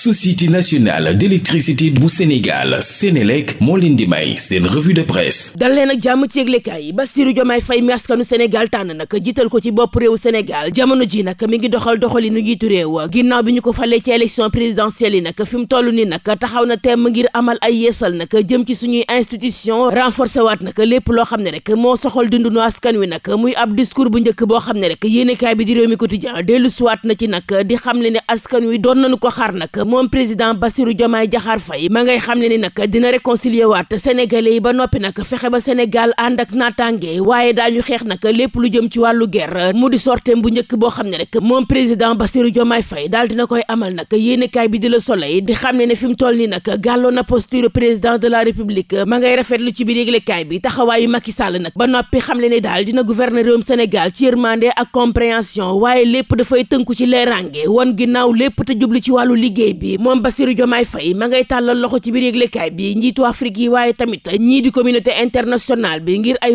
société nationale d'électricité bu Sénégal Sénélec moo leen di may seen revue de presse dal leen ak jàmm ci yëglekaay yi Bassirou Diomaye Faye mi askanu Sénégal tànn nag jiital ko ci bopp réew Sénégal jamono ji nag mi ngi doxal doxali nu jiitu réew ginnaaw bi ñu ko falee ci élection présidentielle yi nag fi mu toll ni nag taxaw na temm ngir amal ay yeesal nag jëm ci suñuy institution renforcé waat nag lépp loo xam ne rek moo soxal dundu nu askan wi nag muy ab bu njëkk boo xam ne rek yéenekaay bi di réew mi quotidien dellu ci nag di xam ne ne askan wi doon nañu ko xaar nag moom président Bassirou Diomaye Diakhar Faye ma ngay xam ne ni nag dina réconcilier waat sénégalais yi ba noppi nag fexe ba Sénégal ànd ak naataange waaye daañu xeex nag lépp lu jëm ci wàllu ger mu di sorteem bu njëkk boo xam ne rek moom président Bassirou Diomaye Faye daal dina koy amal nag kaay bi di Le Soleil di xam ne ne fi mu toll nii nag gàlloo na posture président de la République ma ngay rafetlu ci biir yëglekaay bi taxawaayu Macky Sall nag ba noppi xam ne daal dina gouverner réewum Sénégal ci yërmande ak compréhension waaye lépp dafay tënku ci leeraange wan ginnaaw lépp jublu ci wàllu liggéey bi moom Bassirou Diomaye Faye ma ngay tàllal loxo ci biir yëglekaay bi njiitu Afrique yi waaye tamit ñii di communauté internationale bi ngir ay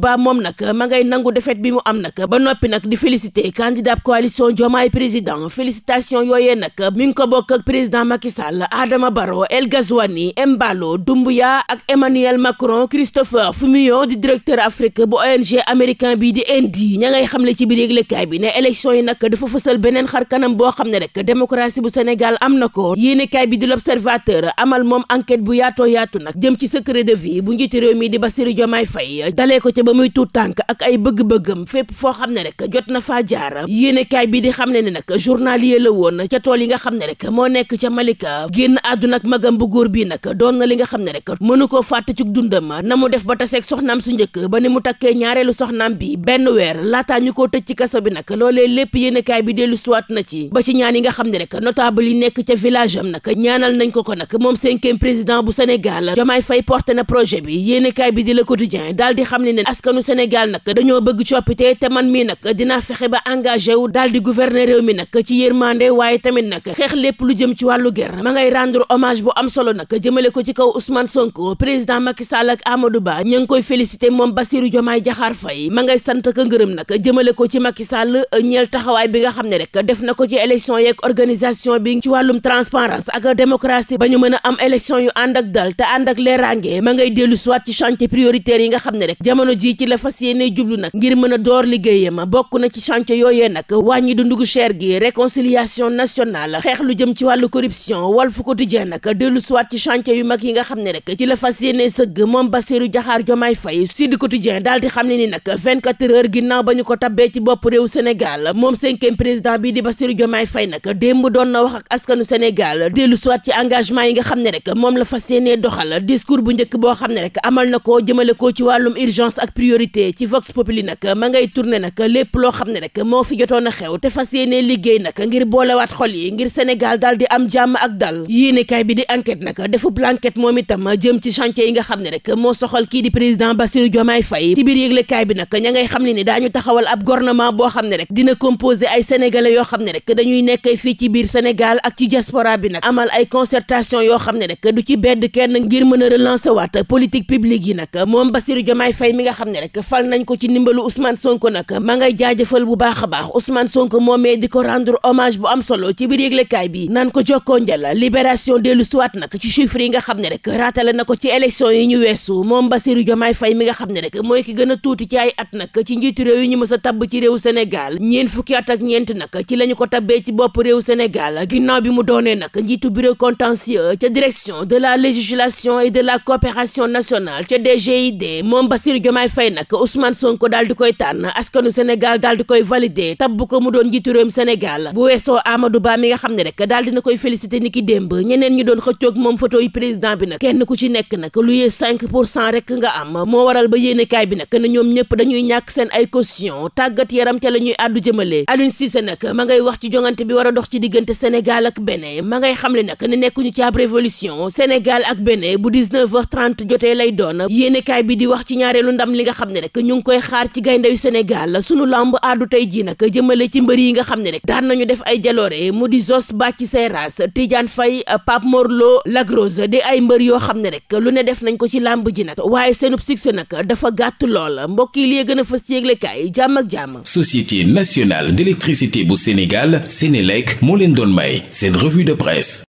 Ba moom nag bi noppi nag di félicité candidat coalition Diomaye président félicitation yooyee nag mi ngi ko bokk ak président Macky Sall Adama Barrow El Ghazouani Embalo Doumbouya ak Emmanuel Macron Christopher Fumio di directeur Afrique bu ONG américain bi di indi ña ngay xamle ci biir yëglekaay bi ne élection yi nag dafa fësal beneen xar kanam Sénégal am na ko yéenekaay bi di l'Observateur amal moom enquête bu yaatoo yaatu nag jëm ci secret de vie bu njiiti réew mii di Bassirou Diomaye Faye dalee ko ca ba muy tuut tànk ak ay bëgg-bëggam fépp foo xam ne rek jot na faa jaar yéenekaay bi di xam ne ne nag journalier la woon ca tool yi nga xam ne rek moo nekk ca Malika génn àdduna ak magam bu góor bii nag doon na li nga xam ne rek mënu koo fàtte ci dundam na mu def ba taseeg soxnaam su njëkk ba ni mu takkee ñaareelu soxnaam bi benn laataa ñu koo tëj ci kaso bi nag loolee lépp yéenekaay bi dellu suwaat na ci ba ci ñaan yi nga xam noble yi nekk ca village am nag ñaanal nañ ko ko nag moom cinquième président bu Sénégal Diomaye Faye porté na projet bi yéenekaay bi di Le Quotidien daal di xam ne ne askanu Sénégal nag dañoo bëgg coppite te man mii nag dinaa fexe ba engagé wu daal di gouverner réew mi nag ci yërmande waaye tamit nag xeex lépp lu jëm ci wàllu guerre ma rendre hommage bu am solo nag jëmale ko ci kaw Ousmane Sonko président Macky ak Amadou Ba ña koy félicité moom Bassirou Diomaye Diakhar bi ci wàllum transparence ak démocratie ba ñu mën a am élection yu ànd ak dal te ànd ak leeraange ma ngay dellu soit ci chantier prioritaire yi nga xam ne rek jamono ji ci la fas yéene jublu nag ngir mën a door liggéeyam bokk na ci chantier yooye nag wàññi dundugu cher gi réconciliation national xeex lu jëm ci wàllu corruption Walf Quotidien nag dellu soit ci chantier yu mag yi nga xam ne rek ci la fas yéene sëgg moom Bassirou Diakhar Diomaye Faye Sud Quotidien daal di xam ne ni nag 24 heures ginnaaw ba ñu ko tabbee ci bopp réew Sénégal moom cinquième président bi di Bassirou Diomaye Faye nag ak askanu Sénégal dellu soit ci engagement yi nga xam ne rek moom la fas yéenee doxal discours bu njëkk boo xam ne rek amal na ko jëmale ko ci wàllum urgence ak priorité ci Vox Populi nag ma ngay tourné nag lépp loo xam ne rek moo fi jotoon a xew te fas yéenee liggéey nag ngir boolewaat xol yi ngir Sénégal daal di am jàmm ak dal yéenekaay bi di enquête nag defub l'enquête moom itam jëm ci chantier yi nga xam ne rek moo soxal kii di président Bassirou Diomaye Faye bi nag ña ngay xam ne ni daañu taxawal ab gouvernement boo xam yoo xam ne Sénégal ak ci diaspora bi amal ay concertation yoo xam ne rek du ci bedd kenn ngir mën a relancer waat politique publique yi nag moom Bassirou Diomaye Faye mi nga xam ne rek fal nañ ko ci ndimbalu Ousmane Sonko nag ma ngay jaajëfal bu baax a baax Ousmane Sonko moomee di ko rendre hommage bu am solo ci biir yëglekaay bi naan ko jokkoo njal libération dellu siwaat nag ci chiffres yi nga xam ne rek raatale na ko ci élection yi ñu weesu moom Bassirou Diomaye Faye mi nga xam ne rek mooy ki gën tuuti ci ay at nag ci njiitu réew yi ñu mës a tabb ci réew Sénégal ñeen fukki at ak ñeenti nag ci lañu ko tabbee ci bopp réew Sénégal ginnaaw bi mu doonee nag njiitu bureau contentieux ca direction de la législation et de la coopération nationale ca DGID moom Bassirou Diomaye Faye nag Ousmane Sonko daal di koy tànn askanu Sénégal daal di koy valider tabb ko mu doon njiitu réewum Sénégal bu weesoo Amadou Ba mi xam ne rek daal dina koy félicité ni ki démb ñeneen ñu doon xëccoog moom photo yi président bi nag kenn ku ci nekk nag lu yee cinq pour cent rek nga am moo waral ba yéenekaay bi a Sénégal ak Bénin ma ngay xamle nag ne nekkuñu ci ab révolution Sénégal ak Bénin bu 19h30 jotee lay doon yéenekaay bi di wax ci ñaareelu ndam li nga xam ne rek ñu ngi koy xaar ci gayndeyu Sénégal sunu lamb àddu tey ji nag jëmale ci mbër yi nga xam ne rek daan ñu def ay jaloore mu di Zos Bàcci Seras Tidiane Faye Pape Morlo Lagrose di ay mbër yoo xam ne rek lu ne def nañ ko ci lamb ji nag waaye seenub succès nag dafa gàtt lool mbokk yi li gën a fës yéeglekaay jàmm ak jàmm société nationale d'électricité bu Sénégal Sénélec moo leen doon may Ndiaye seen revue de presse